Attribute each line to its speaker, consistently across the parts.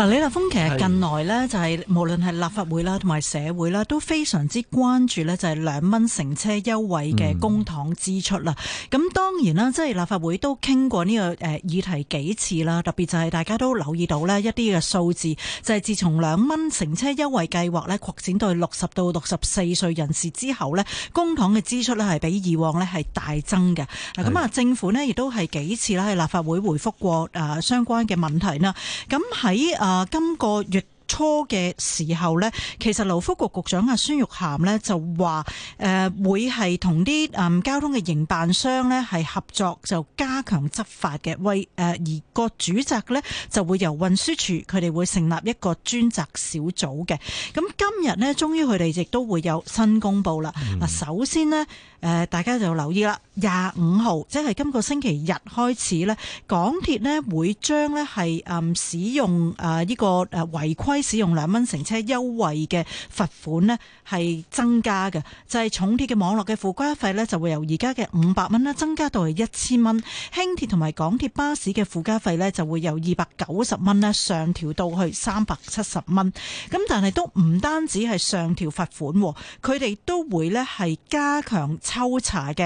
Speaker 1: 嗱，李立峰其實近來呢，就係無論係立法會啦，同埋社會啦，都非常之關注呢，就係兩蚊乘車優惠嘅公帑支出啦。咁、嗯、當然啦，即係立法會都傾過呢個誒議題幾次啦。特別就係大家都留意到呢一啲嘅數字就係、是、自從兩蚊乘車優惠計劃呢擴展到六十到六十四歲人士之後呢，公帑嘅支出呢係比以往呢係大增嘅。咁、嗯、啊，政府呢亦都係幾次啦喺立法會回覆過誒相關嘅問題啦。咁喺啊、呃，今個月初嘅時候咧，其實勞福局局長阿、啊、孫玉涵咧就話誒、呃、會係同啲誒交通嘅營辦商咧係合作，就加強執法嘅。為誒而個主責咧就會由運輸署，佢哋會成立一個專責小組嘅。咁今日咧，終於佢哋亦都會有新公布啦。嗱、嗯，首先咧，誒、呃、大家就留意啦，廿五號即係今個星期日開始咧，港鐵咧會將咧係誒使用誒呢、呃這個誒違規。使用兩蚊乘車優惠嘅罰款呢係增加嘅，就係、是、重鐵嘅網絡嘅附加費呢就會由而家嘅五百蚊呢增加到係一千蚊，輕鐵同埋港鐵巴士嘅附加費呢就會由二百九十蚊呢上調到去三百七十蚊。咁但係都唔單止係上調罰款，佢哋都會呢係加強抽查嘅。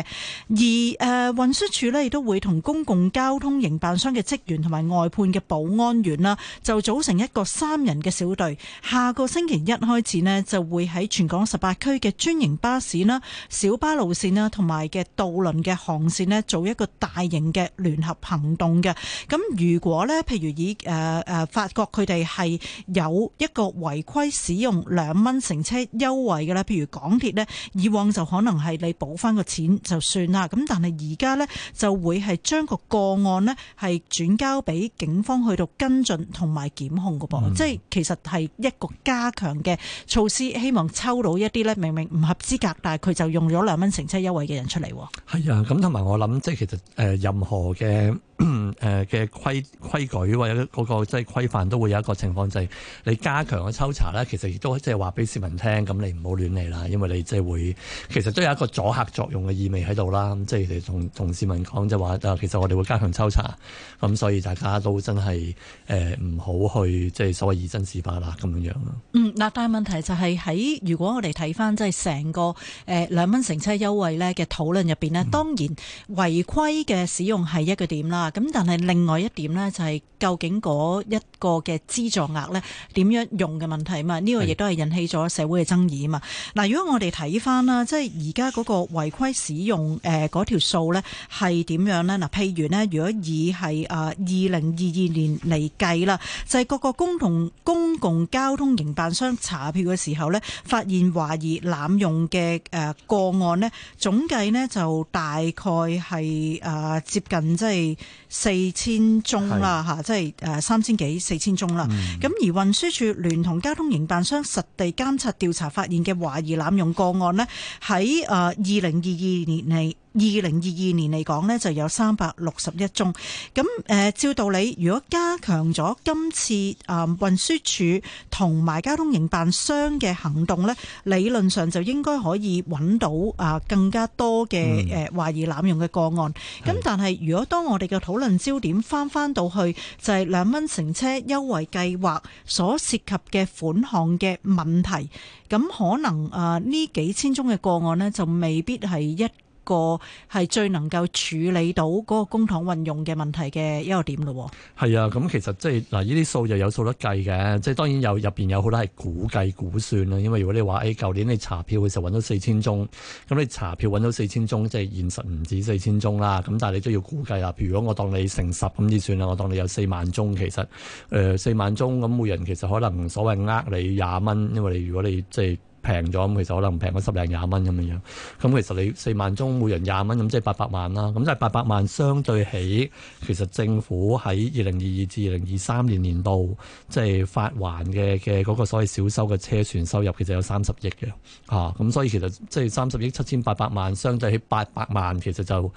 Speaker 1: 而誒、呃、運輸署呢亦都會同公共交通營辦商嘅職員同埋外判嘅保安員啦，就組成一個三人嘅小。小隊下個星期一開始呢，就會喺全港十八區嘅專營巴士啦、小巴路線啦，同埋嘅渡輪嘅航線呢，做一個大型嘅聯合行動嘅。咁如果呢，譬如以誒誒，發覺佢哋係有一個違規使用兩蚊乘車優惠嘅啦，譬如港鐵呢，以往就可能係你補翻個錢就算啦。咁但係而家呢，就會係將個個案呢，係轉交俾警方去到跟進同埋檢控嘅噃，即係其實。係一個加強嘅措施，希望抽到一啲咧，明明唔合資格，但係佢就用咗兩蚊乘車優惠嘅人出嚟。
Speaker 2: 係啊，咁同埋我諗，即係其實誒，任何嘅誒嘅規規矩或者嗰個即係規範，都會有一個情況，就係你加強嘅抽查咧，其實亦都即係話俾市民聽，咁你唔好亂嚟啦，因為你即係會，其實都有一個阻嚇作用嘅意味喺度啦。即係你同同市民講就話，誒，其實我哋會加強抽查，咁所以大家都真係誒唔好去即係所謂以身試。咁樣咯，
Speaker 1: 嗯嗱，但係問題就係喺如果我哋睇翻即係成個誒兩蚊乘車優惠咧嘅討論入邊呢，當然違規嘅使用係一個點啦。咁但係另外一點呢，就係究竟嗰一個嘅資助額呢，點樣用嘅問題啊？呢個亦都係引起咗社會嘅爭議啊嘛。嗱，如果我哋睇翻啦，即係而家嗰個違規使用誒嗰條數咧係點樣咧？嗱，譬如呢，如果以係啊二零二二年嚟計啦，就係各個公同公公共交通營辦商查票嘅時候呢發現懷疑濫用嘅誒個案呢，總計呢就大概係誒接近即係。四千宗啦吓，即係誒三千幾四千宗啦。咁、嗯、而運輸署聯同交通營辦商實地監察調查發現嘅懷疑濫用個案咧，喺誒二零二二年嚟二零二二年嚟講咧，就有三百六十一宗。咁誒、呃、照道理，如果加強咗今次啊運輸署同埋交通營辦商嘅行動咧，理論上就應該可以揾到啊更加多嘅誒懷疑濫用嘅個案。咁、嗯、但係如果當我哋嘅討論。焦點翻翻到去就係兩蚊乘車優惠計劃所涉及嘅款項嘅問題，咁可能啊呢幾千宗嘅個案呢，就未必係一。個係最能夠處理到嗰個公帑運用嘅問題嘅一個點咯。
Speaker 2: 係、嗯、啊，咁其實即係嗱，呢啲數又有數得計嘅。即係當然面有入邊有好多係估計估算啦。因為如果你話誒舊年你查票嘅時候揾到四千宗，咁你查票揾到四千宗，即係現實唔止四千宗啦。咁但係你都要估計啊。譬如講我當你成十咁啲算啦，我當你有四萬宗，其實誒四萬宗咁每人其實可能所謂呃你廿蚊，因為你如果你即係。平咗咁，其實可能平咗十零廿蚊咁樣樣。咁其實你四萬宗，每人廿蚊咁，即係八百萬啦。咁即係八百萬，百萬相對起其實政府喺二零二二至二零二三年年度，即係發還嘅嘅嗰個所謂少收嘅車船收入，其實有三十億嘅嚇。咁、啊、所以其實即係三十億七千八百萬，相對起八百萬，其實就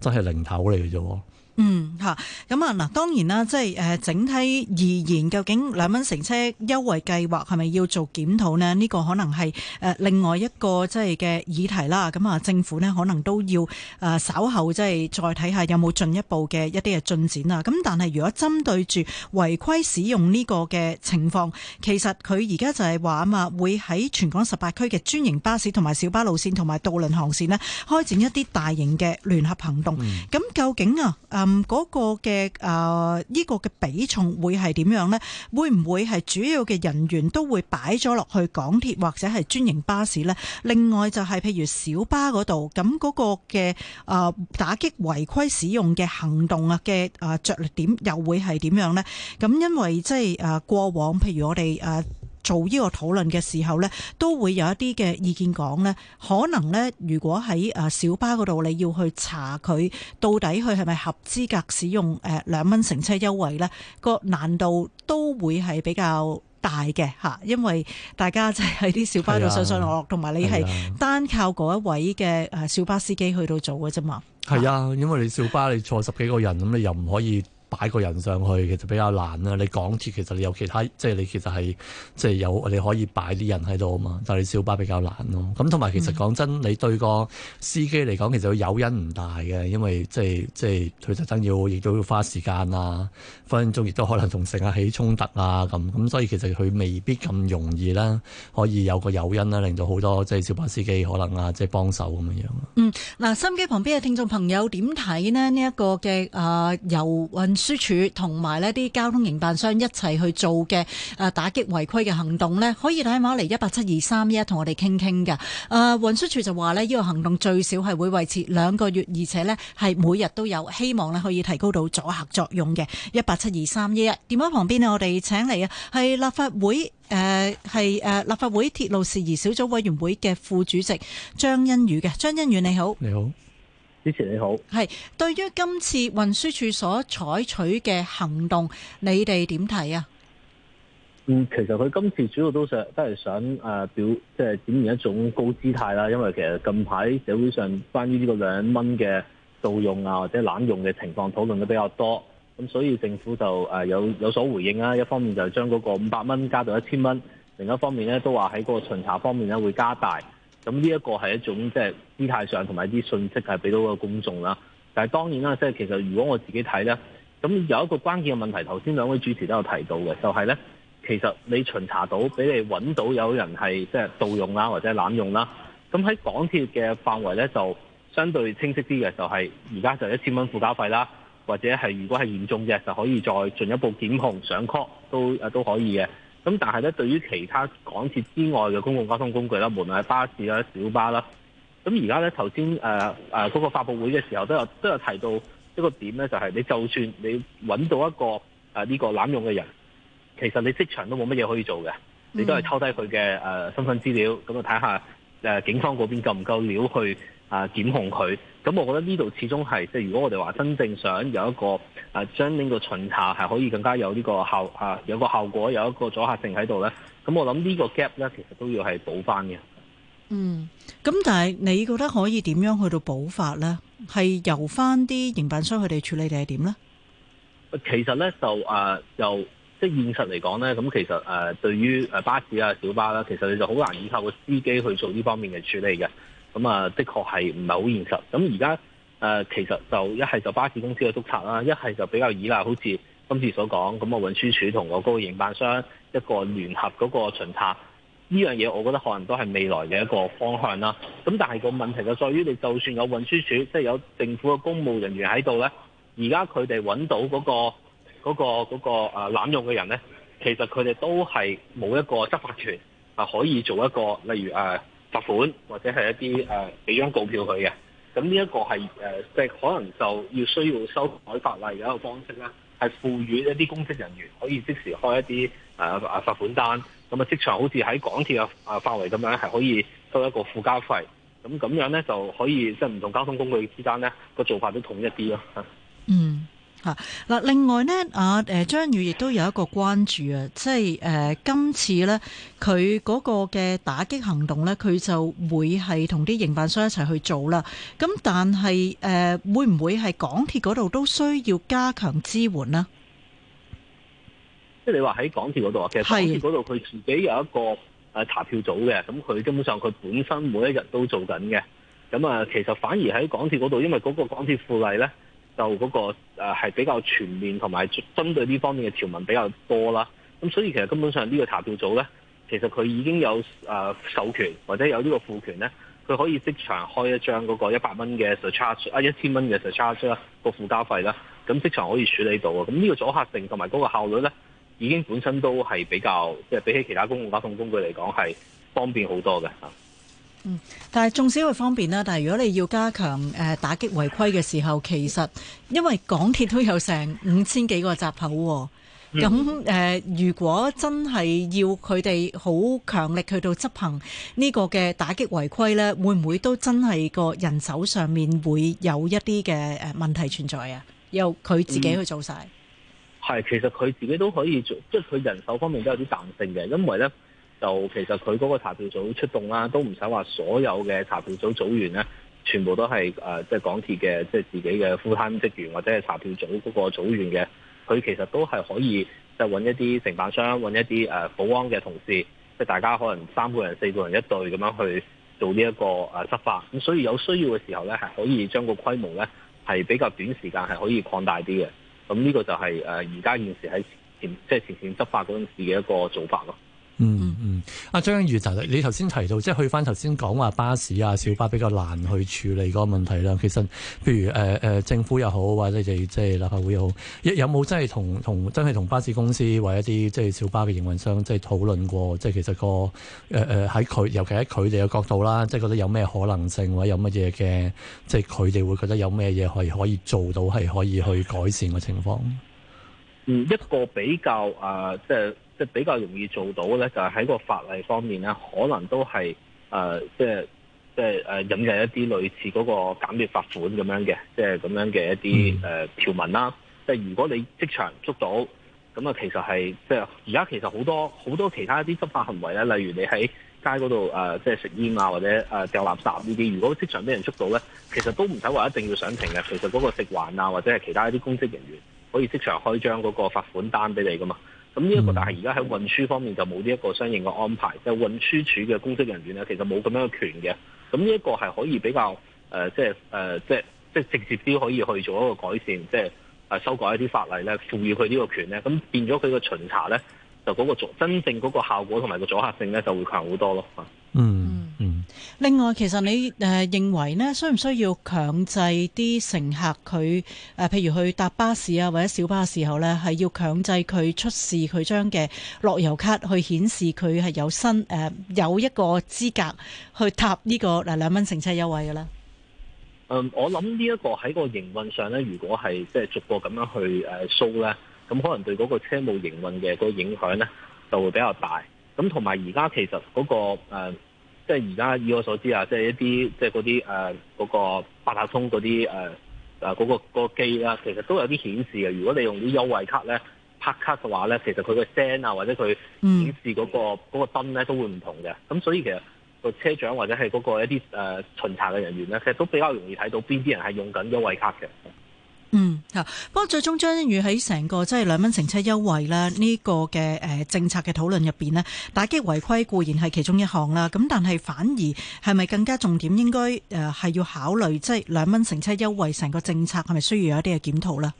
Speaker 2: 真係零頭嚟嘅啫。
Speaker 1: 嗯吓，咁啊嗱，當然啦，即係誒整體而言，究竟兩蚊乘車優惠計劃係咪要做檢討咧？呢個可能係誒另外一個即係嘅議題啦。咁啊，政府咧可能都要誒稍後即係再睇下有冇進一步嘅一啲嘅進展啊。咁但係如果針對住違規使用呢個嘅情況，其實佢而家就係話啊嘛，會喺全港十八區嘅專營巴士同埋小巴路線同埋渡輪航線咧，開展一啲大型嘅聯合行動，咁究竟啊？嗯嗯，嗰個嘅誒，呢個嘅比重會係點樣呢？會唔會係主要嘅人員都會擺咗落去港鐵或者係專營巴士呢？另外就係譬如小巴嗰度，咁嗰個嘅誒打擊違規使用嘅行動啊嘅誒着力點又會係點樣呢？咁因為即係誒過往，譬如我哋誒。呃做呢個討論嘅時候呢，都會有一啲嘅意見講呢可能呢，如果喺誒小巴嗰度你要去查佢到底佢係咪合資格使用誒兩蚊乘車優惠呢？個難度都會係比較大嘅嚇，因為大家就係喺啲小巴度上上落落，同埋、啊、你係單靠嗰一位嘅誒小巴司機去到做嘅啫嘛。
Speaker 2: 係啊，啊，啊，因為你小巴你坐十幾個人咁，你又唔可以。擺個人上去其實比較難啦。你港鐵其實有其他，即係你其實係即係有你可以擺啲人喺度啊嘛。但你小巴比較難咯。咁同埋其實講真，你對個司機嚟講，其實佢誘因唔大嘅，因為即係即係佢特登要亦都要花時間啊，分分鐘亦都可能同乘客起衝突啊咁。咁所以其實佢未必咁容易啦，可以有個誘因啦，令到好多即係小巴司機可能啊即係幫手咁樣樣。
Speaker 1: 嗯，嗱，心機旁邊嘅聽眾朋友點睇呢？呢一個嘅啊遊運，運輸署同埋呢啲交通營辦商一齊去做嘅誒打擊違規嘅行動，可以打電話嚟一八七二三一一同我哋傾傾嘅。誒運輸署就話呢個行動最少係會維持兩個月，而且咧係每日都有，希望可以提高到阻嚇作用嘅。一八七二三一一。電話旁邊我哋請嚟啊係立法會誒係誒立法會鐵路事宜小組委員會嘅副主席張欣宇嘅。張欣宇，你好，
Speaker 2: 你好。支
Speaker 3: 持你好，
Speaker 1: 係對於今次運輸署所採取嘅行動，你哋點睇啊？
Speaker 3: 嗯，其實佢今次主要都想都係想誒表，即係展現一種高姿態啦。因為其實近排社會上關於呢個兩蚊嘅盜用啊或者濫用嘅情況討論得比較多，咁所以政府就誒有有所回應啦。一方面就係將嗰個五百蚊加到一千蚊，另一方面咧都話喺個巡查方面咧會加大。咁呢一個係一種即係姿態上同埋啲信息係俾到個公眾啦，但係當然啦，即係其實如果我自己睇咧，咁有一個關鍵嘅問題，頭先兩位主持都有提到嘅，就係咧，其實你巡查到，俾你揾到有人係即係盜用啦，或者濫用啦，咁喺港鐵嘅範圍咧，就相對清晰啲嘅，就係而家就一千蚊附加費啦，或者係如果係嚴重嘅，就可以再進一步檢控上 court 都誒都可以嘅。咁但係咧，對於其他港鐵之外嘅公共交通工具啦，無論係巴士啦、小巴啦，咁而家咧頭先誒誒嗰個發佈會嘅時候都有都有提到一個點咧，就係、係、你就算你揾到一個誒呢、呃呢個濫用嘅人，其實你職場都冇乜嘢可以做嘅，你都係抄低佢嘅誒身份資料，咁就睇下、呃、警方嗰邊夠唔夠料去啊、呃、檢控佢。咁我覺得呢度始終係即係如果我哋話真正想有一個。啊，將呢個巡查係可以更加有呢個效啊，有個效果，有一個阻嚇性喺度咧。咁我諗呢個 gap 咧，其實都要係補翻嘅。嗯，
Speaker 1: 咁但係你覺得可以點樣去到補法咧？係由翻啲營辦商佢哋處理定係點咧？
Speaker 3: 其實咧就啊，就即係現實嚟講咧，咁其實誒對於誒巴士啊、小巴啦，其實你就好難依靠個司機去做呢方面嘅處理嘅。咁啊，的確係唔係好現實。咁而家。誒、呃，其實就一係就巴士公司嘅督察啦，一係就比較依賴，好似今次所講，咁我運輸署同我嗰個營辦商一個聯合嗰個巡查，呢樣嘢我覺得可能都係未來嘅一個方向啦。咁但係個問題就在於，你就算有運輸署，即、就、係、是、有政府嘅公務人員喺度呢，而家佢哋揾到嗰、那個嗰、那個嗰、那個啊、濫用嘅人呢，其實佢哋都係冇一個執法權，啊，可以做一個例如誒、啊、罰款或者係一啲誒俾張告票佢嘅。咁呢一個係誒，即、呃即係、可能就要需要修改法例嘅一個方式啦，係賦予一啲公職人員可以即時開一啲誒誒罰款單，咁啊即場好似喺港鐵嘅誒範圍咁樣，係可以收一個附加費，咁咁樣咧就可以即係唔同交通工具之間咧、那個做法都統一啲咯。嗯。
Speaker 1: 吓、啊、嗱，另外呢，啊，誒張宇亦都有一個關注啊，即係誒、呃、今次呢，佢嗰個嘅打擊行動呢，佢就會係同啲營辦商一齊去做啦。咁但係誒、呃、會唔會係港鐵嗰度都需要加強支援呢？
Speaker 3: 即係你話喺港鐵嗰度啊，其實港鐵嗰度佢自己有一個誒查票組嘅，咁佢根本上佢本身每一日都做緊嘅。咁啊，其實反而喺港鐵嗰度，因為嗰個港鐵附例呢。就嗰、那個誒係、呃、比較全面同埋針對呢方面嘅條文比較多啦，咁所以其實根本上呢個查票組呢，其實佢已經有誒、呃、授權或者有呢個賦權呢，佢可以即場開一張嗰個一百蚊嘅 surcharge 啊，一千蚊嘅 surcharge 個附加費啦，咁即場可以處理到啊，咁呢個阻嚇性同埋嗰個效率呢，已經本身都係比較即係比起其他公共交通工具嚟講係方便好多嘅啊。
Speaker 1: 嗯，但係仲少會方便啦，但係如果你要加強誒、呃、打擊違規嘅時候，其實因為港鐵都有成五千幾個閘口，咁、哦、誒、嗯呃、如果真係要佢哋好強力去到執行呢個嘅打擊違規呢，會唔會都真係個人手上面會有一啲嘅誒問題存在啊？由佢自己去做晒，
Speaker 3: 係、嗯、其實佢自己都可以做，即係佢人手方面都有啲彈性嘅，因為呢。就其實佢嗰個查票組出動啦，都唔使話所有嘅查票組組員咧，全部都係誒，即係港鐵嘅即係自己嘅 full time 職員或者係查票組嗰個組員嘅。佢其實都係可以即係揾一啲承辦商，揾一啲誒保安嘅同事，即係大家可能三個人四個人一隊咁樣去做呢一個誒執法。咁所以有需要嘅時候咧，係可以將個規模咧係比較短時間係可以擴大啲嘅。咁呢個就係誒而家現時喺前即係前線執法嗰陣時嘅一個做法咯。
Speaker 2: 嗯嗯，阿、嗯啊、張欣如張欣宇，就你頭先提到，即係去翻頭先講話巴士啊、小巴比較難去處理個問題啦。其實，譬如誒、呃、政府又好，或者係即係立法會又好，有沒有冇真係同同真係同巴士公司或者一啲即係小巴嘅營運商即係討論過？即係其實個誒誒喺佢，尤其喺佢哋嘅角度啦，即係覺得有咩可能性或者有乜嘢嘅，即係佢哋會覺得有咩嘢可可以做到係可以去改善嘅情況。
Speaker 3: 嗯，一個比較啊，即、呃、係。就是即係比較容易做到咧，就係、是、喺個法例方面咧，可能都係誒、呃，即係即係誒、呃，引入一啲類似嗰個減免罰款咁樣嘅，即係咁樣嘅一啲誒、呃、條文啦。即係如果你即場捉到，咁啊，其實係即係而家其實好多好多其他一啲執法行為咧，例如你喺街嗰度誒，即係食煙啊或者誒掉垃圾呢啲，如果即場俾人捉到咧，其實都唔使話一定要上庭嘅。其實嗰個食環啊或者係其他一啲公職人員可以即場開張嗰個罰款單俾你噶嘛。咁呢一個，但係而家喺運輸方面就冇呢一個相應嘅安排，就運輸署嘅公職人員咧，其實冇咁樣嘅權嘅。咁呢一個係可以比較，誒、呃，即係誒、呃，即係即係直接啲可以去做一個改善，即係誒、啊、修改一啲法例咧，賦予佢呢個權咧，咁變咗佢嘅巡查咧，就嗰、嗰個真正嗰個效果同埋個阻嚇性咧，就會強好多咯。嗯。
Speaker 1: 另外，其實你誒認為呢需唔需要強制啲乘客佢譬如去搭巴士啊或者小巴嘅時候呢，係要強制佢出示佢張嘅樂悠卡，去顯示佢係有新有一個資格去搭呢個兩蚊乘車優惠嘅呢？
Speaker 3: 嗯，我諗呢一個喺個營運上呢，如果係即係逐個咁樣去誒呢，咁可能對嗰個車務營運嘅個影響呢，就會比較大。咁同埋而家其實嗰個、嗯即係而家以我所知啊，即係一啲即係嗰啲誒嗰個八達通嗰啲誒誒嗰個個機啦，其實都有啲顯示嘅。如果你用啲優惠卡咧拍卡嘅話咧，其實佢嘅聲啊或者佢顯示嗰個嗰個燈咧都會唔同嘅。咁所以其實個車長或者係嗰個一啲誒、呃、巡查嘅人員咧，其實都比較容易睇到邊啲人係用緊優惠卡嘅。
Speaker 1: 嗯，吓，不過最終張欣宇喺成個即係兩蚊乘車優惠啦呢個嘅誒政策嘅討論入邊呢，打擊違規固然係其中一項啦，咁但係反而係咪更加重點應該誒係要考慮即係兩蚊乘車優惠成個政策係咪需要有一啲嘅檢討咧？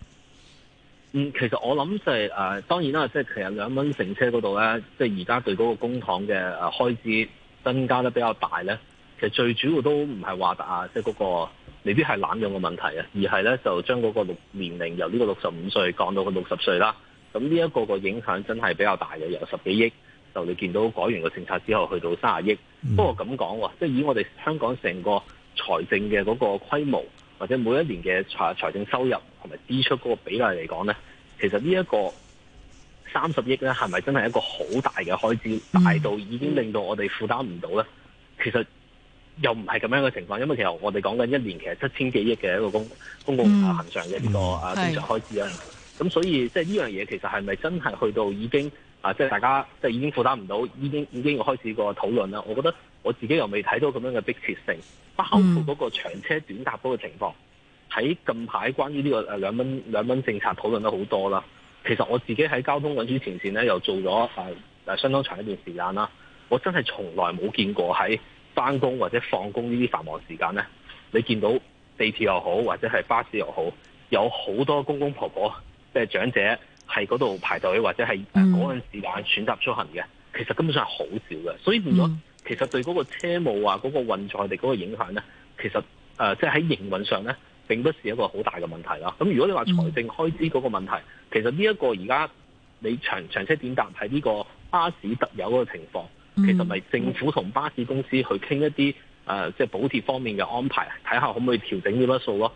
Speaker 3: 嗯，其實我諗就係誒，當然啦，即係其實兩蚊乘車嗰度咧，即係而家對嗰個公帑嘅誒開支增加得比較大咧，其實最主要都唔係話啊，即係嗰個。未必係濫用嘅問題啊，而係咧就將嗰個六年齡由呢個六十五歲降到個六十歲啦。咁呢一個個影響真係比較大嘅，由十幾億就你見到改完個政策之後去到三十億。嗯。不過咁講喎，即係以我哋香港成個財政嘅嗰個規模，或者每一年嘅財財政收入同埋支出嗰個比例嚟講咧，其實呢是是一個三十億咧，係咪真係一個好大嘅開支，大到已經令到我哋負擔唔到咧？其實。又唔係咁樣嘅情況，因為其實我哋講緊一年其實七千幾億嘅一個公公共恆常嘅呢個啊經常開支啦，咁、嗯嗯、所以即係呢樣嘢其實係咪真係去到已經啊即係、就是、大家即係、就是、已經負擔唔到，已經已經要開始個討論啦？我覺得我自己又未睇到咁樣嘅迫切性，包括嗰個長車短搭嗰個情況。喺近排關於呢個兩蚊兩蚊政策討論得好多啦。其實我自己喺交通運輸前線咧又做咗啊啊相當長一段時間啦，我真係從來冇見過喺。翻工或者放工呢啲繁忙時間呢，你見到地鐵又好或者係巴士又好，有好多公公婆婆即係、就是、長者喺嗰度排隊，或者係嗰陣時間選擇出行嘅，其實根本上係好少嘅。所以變咗，其實對嗰個車務啊、嗰、那、運、個、運載力嗰個影響呢，其實誒即係喺營運上呢，並不是一個好大嘅問題啦。咁如果你話財政開支嗰個問題，嗯、其實呢一個而家你長長車點搭係呢個巴士特有嗰個情況。
Speaker 4: 其實咪政
Speaker 3: 府同巴士公司去傾一啲，誒，即係補貼方面嘅安排，睇下可唔可以調整呢筆數咯。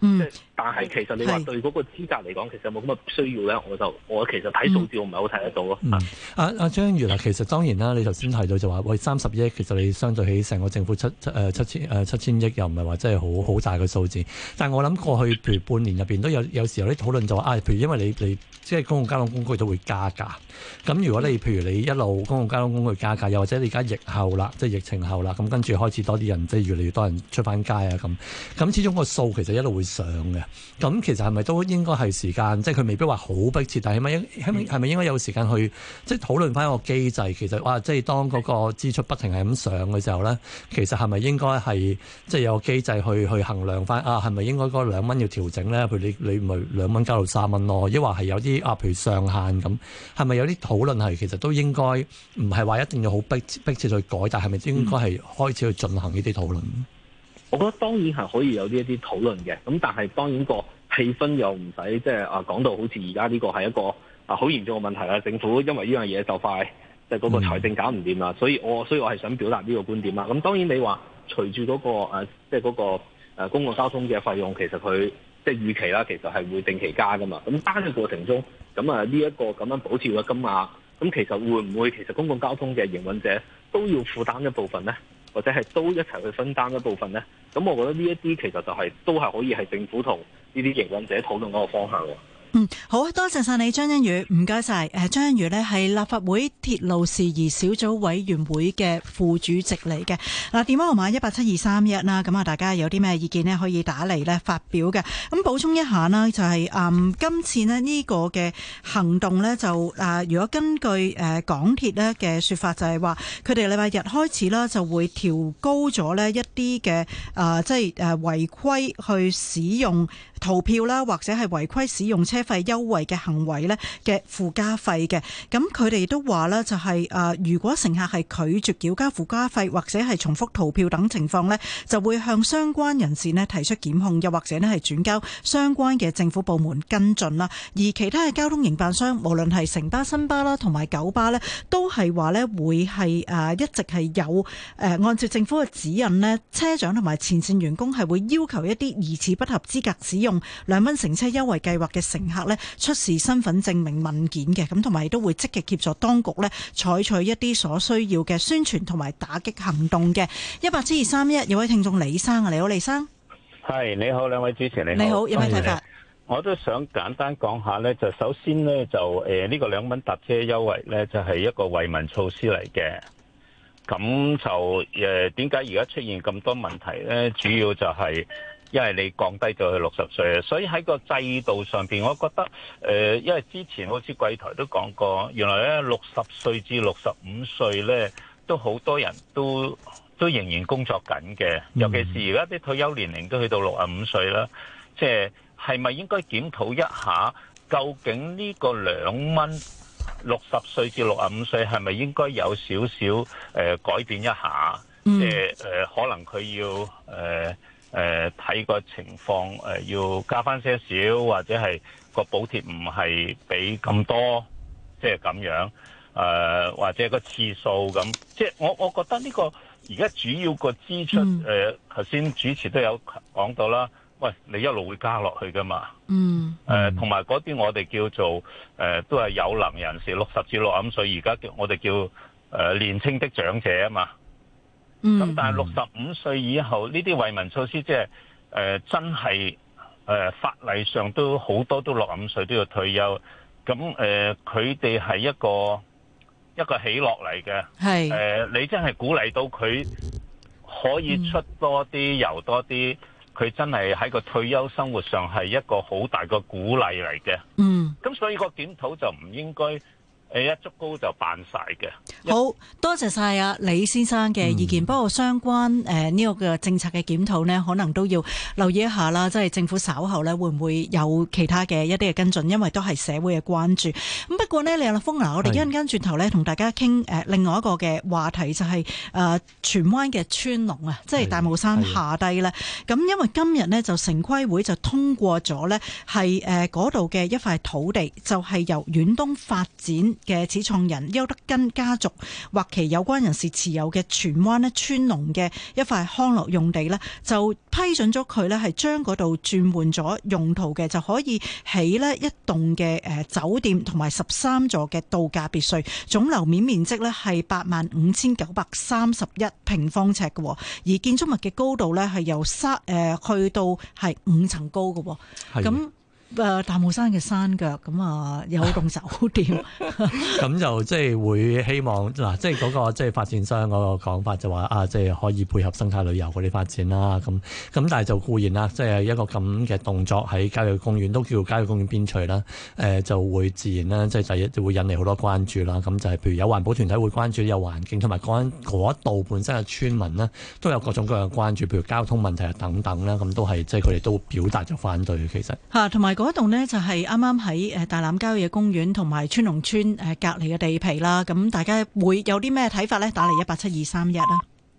Speaker 3: 嗯。但係其實你話對嗰個資格嚟講，其實有冇咁嘅需要咧？我就我其
Speaker 2: 實睇數字我唔係好睇得到咯。阿、嗯、阿、啊啊、張欣宇嗱，其實當然啦，你頭先提到就話喂三十億其實你相對起成個政府七七七千七千、呃、億又唔係話真係好好大嘅數字。但我諗過去譬如半年入面都有有時候啲討論就話啊，譬如因為你你即係、就是、公共交通工具都會加價。咁如果你譬如你一路公共交通工具加價，又或者你而家疫後啦，即、就、係、是、疫情後啦，咁跟住開始多啲人即係、就是、越嚟越多人出翻街啊咁。咁始終個數其實一路會上嘅。咁其實係咪都應該係時間，即係佢未必話好迫切，但係起碼應起係咪應該有時間去即係討論翻一個機制？其實哇，即係當嗰個支出不停係咁上嘅時候咧，其實係咪應該係即係有個機制去去衡量翻啊？係咪應該嗰兩蚊要調整咧？譬如你你唔係兩蚊加到三蚊咯，抑或係有啲啊，譬如上限咁，係咪有啲討論係其實都應該唔係話一定要好迫切迫切去改，但係係咪應該係開始去進行呢啲討論？嗯
Speaker 3: 我覺得當然係可以有呢一啲討論嘅，咁但係當然個氣氛又唔使即係啊講到好似而家呢個係一個啊好嚴重嘅問題啦。政府因為呢樣嘢就快即係嗰個財政搞唔掂啦，所以我所以我係想表達呢個觀點啦。咁當然你話隨住嗰個、啊、即係嗰個、啊、公共交通嘅費用，其實佢即係預期啦，其實係會定期加噶嘛。咁加嘅過程中，咁啊呢一個咁樣補貼嘅金額，咁其實會唔會其實公共交通嘅營運者都要負擔一部分咧？或者係都一齊去分擔一部分咧，咁我覺得呢一啲其實就係、是、都係可以係政府同呢啲營運者討論嗰個方向的。
Speaker 1: 嗯，好多謝晒你張欣宇，唔該晒。誒，張欣宇咧係立法會鐵路事宜小組委員會嘅副主席嚟嘅。嗱，電話號碼一八七二三一啦，咁啊，大家有啲咩意見咧可以打嚟咧發表嘅。咁補充一下啦，就係啊，今次咧呢個嘅行動咧就誒，如果根據誒港鐵咧嘅說法，就係話佢哋禮拜日開始啦就會調高咗咧一啲嘅誒，即係誒違規去使用逃票啦，或者係違規使用車。車費優惠嘅行為咧嘅附加費嘅，咁佢哋都話咧就係誒，如果乘客係拒絕繳交附加費或者係重複逃票等情況咧，就會向相關人士咧提出檢控，又或者咧係轉交相關嘅政府部門跟進啦。而其他嘅交通營辦商，無論係城巴、新巴啦同埋九巴咧，都係話咧會係誒一直係有誒，按照政府嘅指引咧，車長同埋前線員工係會要求一啲疑似不合資格使用兩蚊乘車優惠計劃嘅乘。客咧出示身份證明文件嘅，咁同埋都會積極協助當局咧採取一啲所需要嘅宣傳同埋打擊行動嘅。一八七二三一有位聽眾李生啊，你好，李生，
Speaker 4: 係你好，兩位主持人，你好，你好，有咩睇法？我都想簡單講下咧，就首先咧就誒呢個兩蚊搭車優惠咧，就係、呃這個就是、一個惠民措施嚟嘅。咁就誒點解而家出現咁多問題咧？主要就係、是。因為你降低咗佢六十歲啊，所以喺個制度上邊，我覺得誒、呃，因為之前好似貴台都講過，原來咧六十歲至六十五歲咧，都好多人都都仍然工作緊嘅，尤其是而家啲退休年齡都去到六十五歲啦，即係係咪應該檢討一下，究竟呢個兩蚊六十歲至六十五歲係咪應該有少少誒改變一下？即係誒，可能佢要誒。呃誒、呃、睇個情況誒、呃，要加返些少，或者係個補貼唔係俾咁多，即係咁樣誒、呃，或者個次數咁。即係我我覺得呢、這個而家主要個支出誒，頭、呃、先主持都有講到啦。喂，你一路會加落去㗎嘛？嗯、呃。誒，同埋嗰啲我哋叫做誒、呃，都係有能人士，六十至六十五歲，而家叫我哋叫誒年青的長者啊嘛。咁、嗯、但係六十五歲以後呢啲惠民措施，即係誒真係誒、呃、法例上，都好多都六十五歲都要退休，咁誒佢哋係一個一個起落嚟嘅。係誒、呃、你真係鼓勵到佢可以出多啲遊、嗯、多啲，佢真係喺個退休生活上係一個好大個鼓勵嚟嘅。嗯、咁、嗯、所以個檢討就唔應該。一足高就辦晒嘅，
Speaker 1: 好多謝晒啊李先生嘅意見。不過相關呢個嘅政策嘅檢討呢，可能都要留意一下啦。即係政府稍後呢，會唔會有其他嘅一啲嘅跟進？因為都係社會嘅關注。咁不過呢你李立峯，嗱，我哋一陣間轉頭呢，同大家傾另外一個嘅話題，就係誒荃灣嘅川龍啊，即係大帽山下低呢。咁因為今日呢，就城規會就通過咗呢，係誒嗰度嘅一塊土地，就係由遠東發展。嘅始創人邱德根家族或其有關人士持有嘅荃灣呢，川龍嘅一塊康樂用地呢，就批准咗佢呢係將嗰度轉換咗用途嘅，就可以起呢一棟嘅酒店同埋十三座嘅度假別墅，總樓面面積呢係八萬五千九百三十一平方尺嘅，而建築物嘅高度呢係由三、呃、去到係五層高嘅，咁。誒大帽山嘅山腳咁啊、呃、有棟酒店，
Speaker 2: 咁 就即係會希望嗱，即係、那、嗰個即係發展商嗰個講法就話啊，即係可以配合生態旅遊嗰啲發展啦，咁咁但係就固然啦，即係一個咁嘅動作喺郊野公園都叫郊野公園邊陲啦，誒、呃、就會自然啦，即係就會引嚟好多關注啦。咁就係譬如有環保團體會關注，有環境同埋嗰一度本身嘅村民咧，都有各種各樣嘅關注，譬如交通問題啊等等啦，咁都係即係佢哋都表達咗反對其實。
Speaker 1: 嚇、啊，同埋。嗰度呢，就係啱啱喺大欖郊野公園同埋川龍村隔離嘅地皮啦，咁大家會有啲咩睇法呢？打嚟一八七二三一啦。